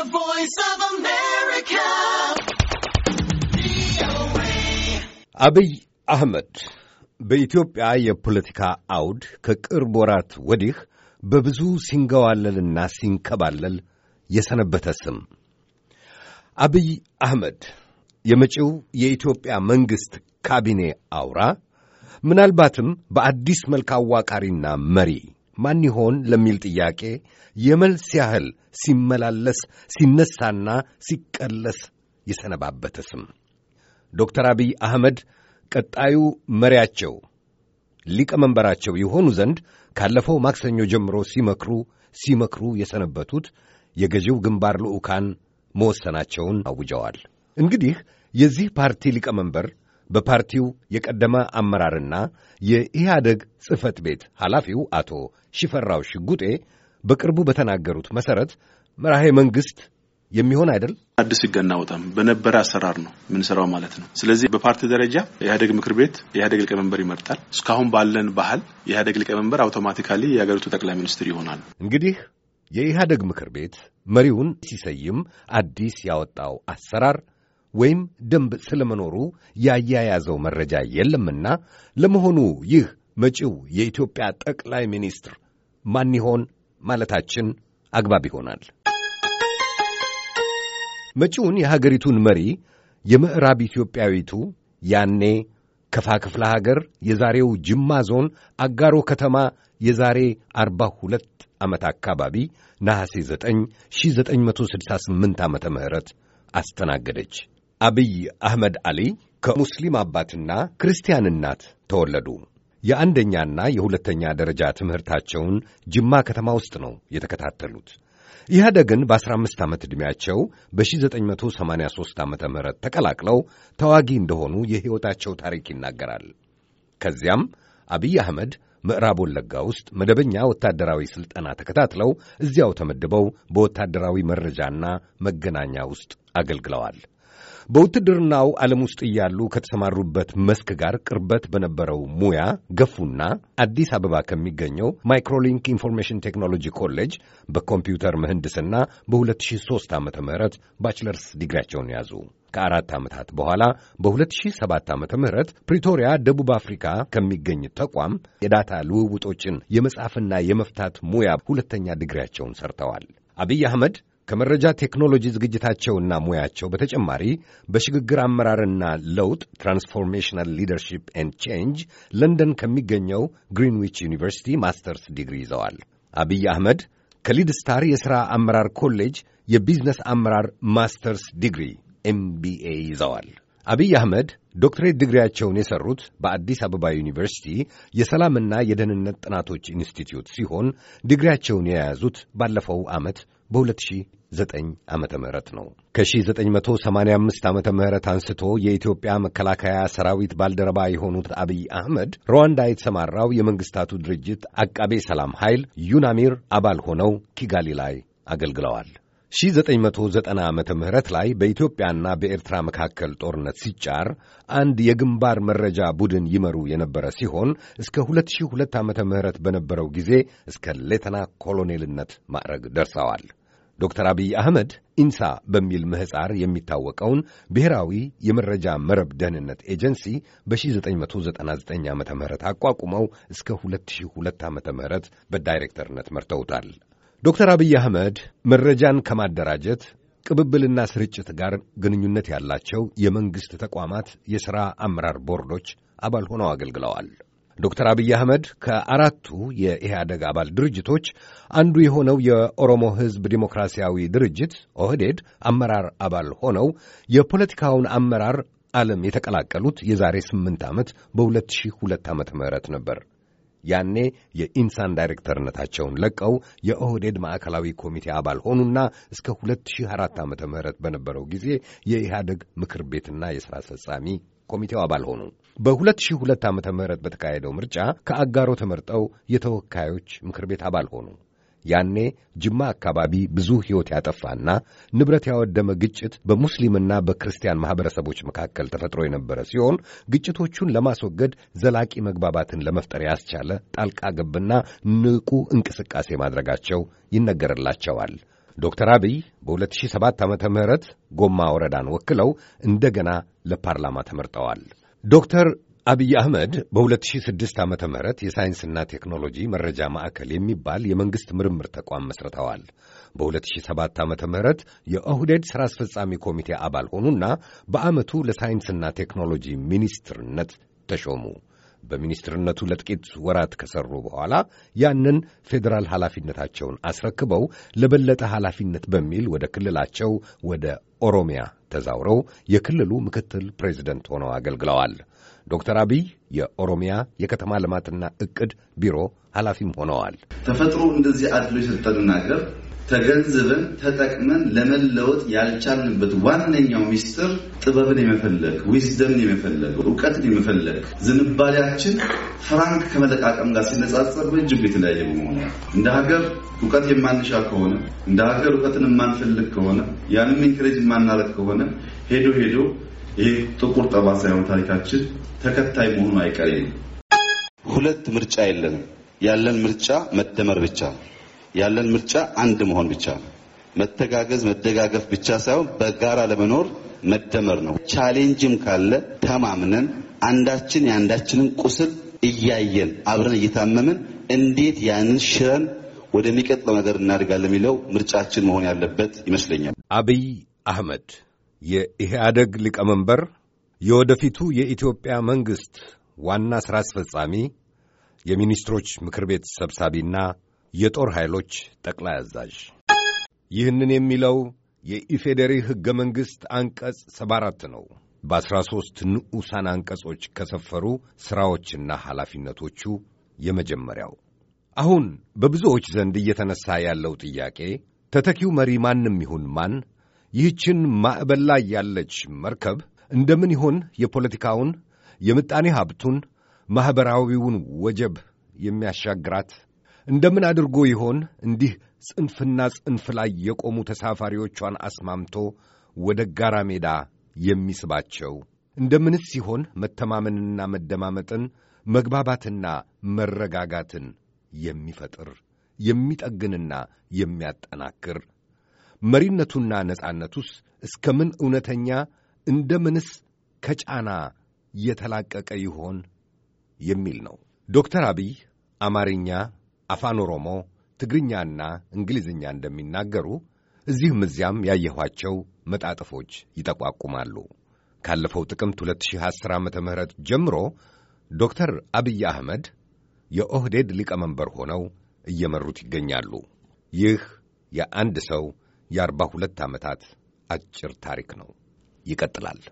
The Voice of America. አብይ አህመድ በኢትዮጵያ የፖለቲካ አውድ ከቅርብ ወራት ወዲህ በብዙ ሲንገዋለልና ሲንከባለል የሰነበተ ስም አብይ አህመድ የመጪው የኢትዮጵያ መንግሥት ካቢኔ አውራ ምናልባትም በአዲስ መልክ አዋቃሪና መሪ ማን ይሆን ለሚል ጥያቄ የመልስ ያህል ሲመላለስ ሲነሳና ሲቀለስ የሰነባበተ ስም ዶክተር አብይ አህመድ ቀጣዩ መሪያቸው ሊቀመንበራቸው የሆኑ ዘንድ ካለፈው ማክሰኞ ጀምሮ ሲመክሩ ሲመክሩ የሰነበቱት የገዢው ግንባር ልዑካን መወሰናቸውን አውጀዋል። እንግዲህ የዚህ ፓርቲ ሊቀመንበር በፓርቲው የቀደመ አመራርና የኢህአደግ ጽህፈት ቤት ኃላፊው አቶ ሽፈራው ሽጉጤ በቅርቡ በተናገሩት መሰረት መራሄ መንግስት የሚሆን አይደል? አዲስ ሕግ አናወጣም። በነበረ አሰራር ነው የምንሰራው ማለት ነው። ስለዚህ በፓርቲ ደረጃ የኢህአዴግ ምክር ቤት የኢህአዴግ ሊቀመንበር ይመርጣል። እስካሁን ባለን ባህል የኢህአዴግ ሊቀመንበር አውቶማቲካሊ የሀገሪቱ ጠቅላይ ሚኒስትር ይሆናል። እንግዲህ የኢህአደግ ምክር ቤት መሪውን ሲሰይም አዲስ ያወጣው አሰራር ወይም ደንብ ስለመኖሩ ያያያዘው መረጃ የለምና ለመሆኑ ይህ መጪው የኢትዮጵያ ጠቅላይ ሚኒስትር ማን ይሆን ማለታችን አግባብ ይሆናል። መጪውን የሀገሪቱን መሪ የምዕራብ ኢትዮጵያዊቱ ያኔ ከፋ ክፍለ ሀገር የዛሬው ጅማ ዞን አጋሮ ከተማ የዛሬ 42 ዓመት አካባቢ ነሐሴ 9 1968 ዓመተ ምህረት አስተናገደች። አብይ አህመድ አሊ ከሙስሊም አባትና ክርስቲያን እናት ተወለዱ። የአንደኛና የሁለተኛ ደረጃ ትምህርታቸውን ጅማ ከተማ ውስጥ ነው የተከታተሉት። ኢህአደግን በ15 ዓመት ዕድሜያቸው በ1983 ዓ ም ተቀላቅለው ተዋጊ እንደሆኑ የሕይወታቸው ታሪክ ይናገራል። ከዚያም አብይ አህመድ ምዕራብ ወለጋ ውስጥ መደበኛ ወታደራዊ ሥልጠና ተከታትለው እዚያው ተመድበው በወታደራዊ መረጃና መገናኛ ውስጥ አገልግለዋል። በውትድርናው ዓለም ውስጥ እያሉ ከተሰማሩበት መስክ ጋር ቅርበት በነበረው ሙያ ገፉና አዲስ አበባ ከሚገኘው ማይክሮሊንክ ኢንፎርሜሽን ቴክኖሎጂ ኮሌጅ በኮምፒውተር ምህንድስና በ2003 ዓ ም ባችለርስ ዲግሪያቸውን ያዙ። ከአራት ዓመታት በኋላ በ2007 ዓ ም ፕሪቶሪያ ደቡብ አፍሪካ ከሚገኝ ተቋም የዳታ ልውውጦችን የመጻፍና የመፍታት ሙያ ሁለተኛ ዲግሪያቸውን ሰርተዋል። አብይ አህመድ ከመረጃ ቴክኖሎጂ ዝግጅታቸውና ሙያቸው በተጨማሪ በሽግግር አመራርና ለውጥ ትራንስፎርሜሽናል ሊደርሺፕ ኤንድ ቼንጅ ለንደን ከሚገኘው ግሪንዊች ዩኒቨርሲቲ ማስተርስ ዲግሪ ይዘዋል። አብይ አህመድ ከሊድ ስታር የሥራ አመራር ኮሌጅ የቢዝነስ አመራር ማስተርስ ዲግሪ ኤምቢኤ ይዘዋል። አብይ አህመድ ዶክትሬት ዲግሪያቸውን የሠሩት በአዲስ አበባ ዩኒቨርሲቲ የሰላምና የደህንነት ጥናቶች ኢንስቲትዩት ሲሆን ዲግሪያቸውን የያዙት ባለፈው ዓመት በ2000 2009 ዓመተ ምህረት ነው። ከ1985 ዓመተ ምህረት አንስቶ የኢትዮጵያ መከላከያ ሰራዊት ባልደረባ የሆኑት አብይ አህመድ ሩዋንዳ የተሰማራው የመንግስታቱ ድርጅት አቃቤ ሰላም ኃይል ዩናሚር አባል ሆነው ኪጋሊ ላይ አገልግለዋል። 1990 ዓመተ ምህረት ላይ በኢትዮጵያና በኤርትራ መካከል ጦርነት ሲጫር አንድ የግንባር መረጃ ቡድን ይመሩ የነበረ ሲሆን እስከ 2002 ዓ ምህረት በነበረው ጊዜ እስከ ሌተና ኮሎኔልነት ማዕረግ ደርሰዋል። ዶክተር አብይ አህመድ ኢንሳ በሚል ምህፃር የሚታወቀውን ብሔራዊ የመረጃ መረብ ደህንነት ኤጀንሲ በ1999 ዓ ም አቋቁመው እስከ 2002 ዓ ም በዳይሬክተርነት መርተውታል። ዶክተር አብይ አህመድ መረጃን ከማደራጀት ቅብብልና ስርጭት ጋር ግንኙነት ያላቸው የመንግሥት ተቋማት የሥራ አመራር ቦርዶች አባል ሆነው አገልግለዋል። ዶክተር አብይ አህመድ ከአራቱ የኢህአደግ አባል ድርጅቶች አንዱ የሆነው የኦሮሞ ሕዝብ ዲሞክራሲያዊ ድርጅት ኦህዴድ አመራር አባል ሆነው የፖለቲካውን አመራር ዓለም የተቀላቀሉት የዛሬ ስምንት ዓመት በ2002 ዓ ም ነበር። ያኔ የኢንሳን ዳይሬክተርነታቸውን ለቀው የኦህዴድ ማዕከላዊ ኮሚቴ አባል ሆኑና እስከ 2004 ዓ ም በነበረው ጊዜ የኢህአደግ ምክር ቤትና የሥራ አስፈጻሚ ኮሚቴው አባል ሆኑ። በ2002 ዓ ም በተካሄደው ምርጫ ከአጋሮ ተመርጠው የተወካዮች ምክር ቤት አባል ሆኑ። ያኔ ጅማ አካባቢ ብዙ ሕይወት ያጠፋና ንብረት ያወደመ ግጭት በሙስሊምና በክርስቲያን ማኅበረሰቦች መካከል ተፈጥሮ የነበረ ሲሆን ግጭቶቹን ለማስወገድ ዘላቂ መግባባትን ለመፍጠር ያስቻለ ጣልቃ ገብና ንቁ እንቅስቃሴ ማድረጋቸው ይነገርላቸዋል። ዶክተር አብይ በ2007 ዓ ም ጎማ ወረዳን ወክለው እንደገና ለፓርላማ ተመርጠዋል። ዶክተር አብይ አህመድ በ2006 ዓ ም የሳይንስና ቴክኖሎጂ መረጃ ማዕከል የሚባል የመንግሥት ምርምር ተቋም መስርተዋል። በ2007 ዓ ም የኦህዴድ ሥራ አስፈጻሚ ኮሚቴ አባል ሆኑና በዓመቱ ለሳይንስና ቴክኖሎጂ ሚኒስትርነት ተሾሙ። በሚኒስትርነቱ ለጥቂት ወራት ከሠሩ በኋላ ያንን ፌዴራል ኃላፊነታቸውን አስረክበው ለበለጠ ኃላፊነት በሚል ወደ ክልላቸው ወደ ኦሮሚያ ተዛውረው የክልሉ ምክትል ፕሬዚደንት ሆነው አገልግለዋል። ዶክተር አብይ የኦሮሚያ የከተማ ልማትና እቅድ ቢሮ ኃላፊም ሆነዋል። ተፈጥሮ እንደዚህ አድሎ የሰጠንን አገር ተገንዝበን ተጠቅመን ለመለወጥ ያልቻልንበት ዋነኛው ሚስጥር ጥበብን የመፈለግ ዊዝደምን የመፈለግ እውቀትን የመፈለግ ዝንባሌያችን ፍራንክ ከመለቃቀም ጋር ሲነጻጸር በእጅጉ የተለያየ በመሆኑ እንደ ሀገር እውቀት የማንሻ ከሆነ እንደ ሀገር እውቀትን የማንፈልግ ከሆነ ያንም ኢንክሬጅ የማናረግ ከሆነ ሄዶ ሄዶ ይህ ጥቁር ጠባሳ ሳይሆን ታሪካችን ተከታይ መሆኑ አይቀሬ ነው። ሁለት ምርጫ የለንም። ያለን ምርጫ መደመር ብቻ ነው። ያለን ምርጫ አንድ መሆን ብቻ ነው። መተጋገዝ፣ መደጋገፍ ብቻ ሳይሆን በጋራ ለመኖር መደመር ነው። ቻሌንጅም ካለ ተማምነን አንዳችን የአንዳችንን ቁስል እያየን አብረን እየታመምን እንዴት ያንን ሽረን ወደሚቀጥለው ነገር እናድጋለን የሚለው ምርጫችን መሆን ያለበት ይመስለኛል። አብይ አህመድ የኢህአደግ ሊቀመንበር፣ የወደፊቱ የኢትዮጵያ መንግሥት ዋና ሥራ አስፈጻሚ፣ የሚኒስትሮች ምክር ቤት ሰብሳቢና የጦር ኃይሎች ጠቅላይ አዛዥ። ይህንን የሚለው የኢፌዴሪ ሕገ መንግሥት አንቀጽ 74 ነው። በአስራ ሦስት ንዑሳን አንቀጾች ከሰፈሩ ሥራዎችና ኃላፊነቶቹ የመጀመሪያው። አሁን በብዙዎች ዘንድ እየተነሣ ያለው ጥያቄ ተተኪው መሪ ማንም ይሁን ማን ይህችን ማዕበል ላይ ያለች መርከብ እንደምን ይሆን የፖለቲካውን፣ የምጣኔ ሀብቱን፣ ማኅበራዊውን ወጀብ የሚያሻግራት እንደምን አድርጎ ይሆን እንዲህ ጽንፍና ጽንፍ ላይ የቆሙ ተሳፋሪዎቿን አስማምቶ ወደ ጋራ ሜዳ የሚስባቸው? እንደምንስ ሲሆን መተማመንና መደማመጥን መግባባትና መረጋጋትን የሚፈጥር የሚጠግንና የሚያጠናክር መሪነቱና ነጻነቱስ ምን እውነተኛ እንደምንስ ከጫና የተላቀቀ ይሆን የሚል ነው። ዶክተር አብይ አማርኛ አፋን ኦሮሞ፣ ትግርኛና እንግሊዝኛ እንደሚናገሩ እዚህም እዚያም ያየኋቸው መጣጥፎች ይጠቋቁማሉ። ካለፈው ጥቅምት 2010 ዓ ም ጀምሮ ዶክተር አብይ አህመድ የኦህዴድ ሊቀመንበር ሆነው እየመሩት ይገኛሉ። ይህ የአንድ ሰው የአርባ ሁለት ዓመታት አጭር ታሪክ ነው። ይቀጥላል።